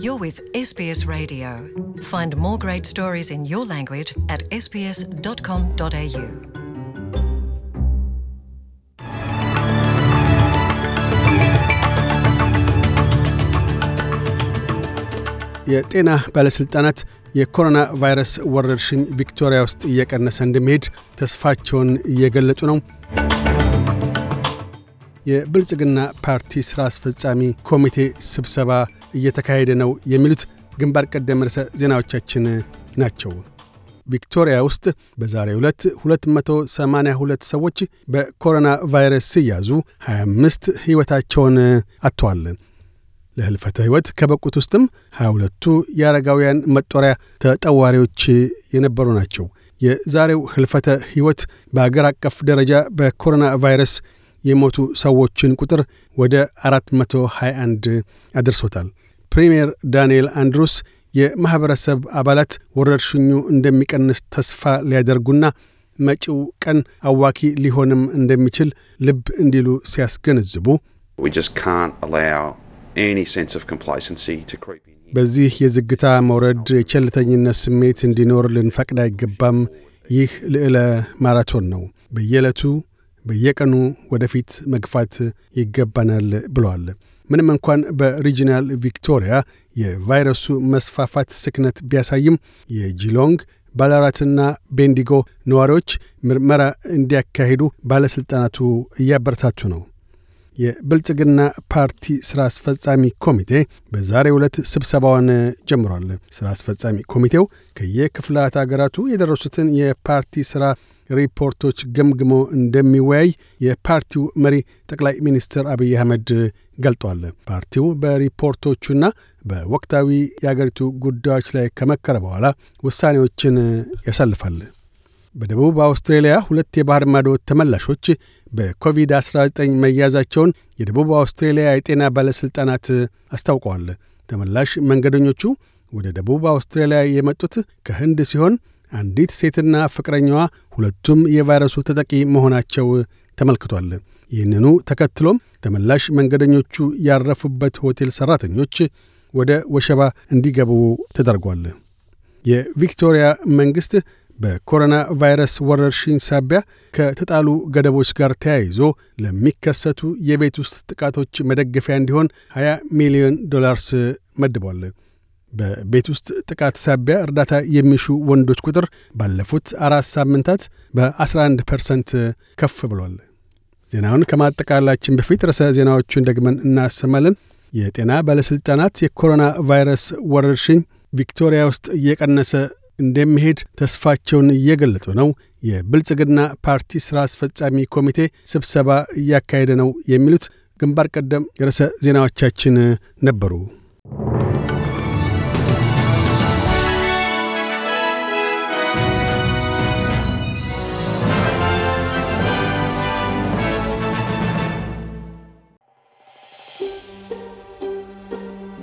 You're with SBS Radio. Find more great stories in your language at sbs.com.au. የጤና ባለሥልጣናት የኮሮና ቫይረስ ወረርሽኝ ቪክቶሪያ ውስጥ እየቀነሰ እንደሚሄድ ተስፋቸውን እየገለጹ ነው። የብልጽግና ፓርቲ ሥራ አስፈጻሚ ኮሚቴ ስብሰባ እየተካሄደ ነው የሚሉት ግንባር ቀደም ርዕሰ ዜናዎቻችን ናቸው። ቪክቶሪያ ውስጥ በዛሬ ዕለት 282 ሰዎች በኮሮና ቫይረስ ሲያዙ 25 ሕይወታቸውን አጥተዋል። ለህልፈተ ሕይወት ከበቁት ውስጥም 22ቱ የአረጋውያን መጦሪያ ተጠዋሪዎች የነበሩ ናቸው። የዛሬው ህልፈተ ሕይወት በአገር አቀፍ ደረጃ በኮሮና ቫይረስ የሞቱ ሰዎችን ቁጥር ወደ 421 አድርሶታል። ፕሪምየር ዳንኤል አንድሩስ የማኅበረሰብ አባላት ወረርሽኙ እንደሚቀንስ ተስፋ ሊያደርጉና መጪው ቀን አዋኪ ሊሆንም እንደሚችል ልብ እንዲሉ ሲያስገነዝቡ በዚህ የዝግታ መውረድ የቸልተኝነት ስሜት እንዲኖር ልንፈቅድ አይገባም። ይህ ልዕለ ማራቶን ነው። በየዕለቱ በየቀኑ ወደፊት መግፋት ይገባናል ብለዋል። ምንም እንኳን በሪጂናል ቪክቶሪያ የቫይረሱ መስፋፋት ስክነት ቢያሳይም የጂሎንግ ባላራትና ቤንዲጎ ነዋሪዎች ምርመራ እንዲያካሂዱ ባለሥልጣናቱ እያበረታቱ ነው። የብልጽግና ፓርቲ ሥራ አስፈጻሚ ኮሚቴ በዛሬ ዕለት ስብሰባዋን ጀምሯል። ሥራ አስፈጻሚ ኮሚቴው ከየክፍላት አገራቱ የደረሱትን የፓርቲ ሥራ ሪፖርቶች ገምግሞ እንደሚወያይ የፓርቲው መሪ ጠቅላይ ሚኒስትር አብይ አህመድ ገልጧል። ፓርቲው በሪፖርቶቹና በወቅታዊ የአገሪቱ ጉዳዮች ላይ ከመከረ በኋላ ውሳኔዎችን ያሳልፋል። በደቡብ አውስትሬልያ ሁለት የባህር ማዶ ተመላሾች በኮቪድ-19 መያዛቸውን የደቡብ አውስትሬልያ የጤና ባለሥልጣናት አስታውቀዋል። ተመላሽ መንገደኞቹ ወደ ደቡብ አውስትሬልያ የመጡት ከህንድ ሲሆን አንዲት ሴትና ፍቅረኛዋ ሁለቱም የቫይረሱ ተጠቂ መሆናቸው ተመልክቷል። ይህንኑ ተከትሎም ተመላሽ መንገደኞቹ ያረፉበት ሆቴል ሠራተኞች ወደ ወሸባ እንዲገቡ ተደርጓል። የቪክቶሪያ መንግሥት በኮሮና ቫይረስ ወረርሽኝ ሳቢያ ከተጣሉ ገደቦች ጋር ተያይዞ ለሚከሰቱ የቤት ውስጥ ጥቃቶች መደገፊያ እንዲሆን 20 ሚሊዮን ዶላርስ መድቧል። በቤት ውስጥ ጥቃት ሳቢያ እርዳታ የሚሹ ወንዶች ቁጥር ባለፉት አራት ሳምንታት በ11 ፐርሰንት ከፍ ብሏል። ዜናውን ከማጠቃላችን በፊት ርዕሰ ዜናዎቹን ደግመን እናሰማለን። የጤና ባለሥልጣናት የኮሮና ቫይረስ ወረርሽኝ ቪክቶሪያ ውስጥ እየቀነሰ እንደሚሄድ ተስፋቸውን እየገለጡ ነው። የብልጽግና ፓርቲ ሥራ አስፈጻሚ ኮሚቴ ስብሰባ እያካሄደ ነው። የሚሉት ግንባር ቀደም ርዕሰ ዜናዎቻችን ነበሩ።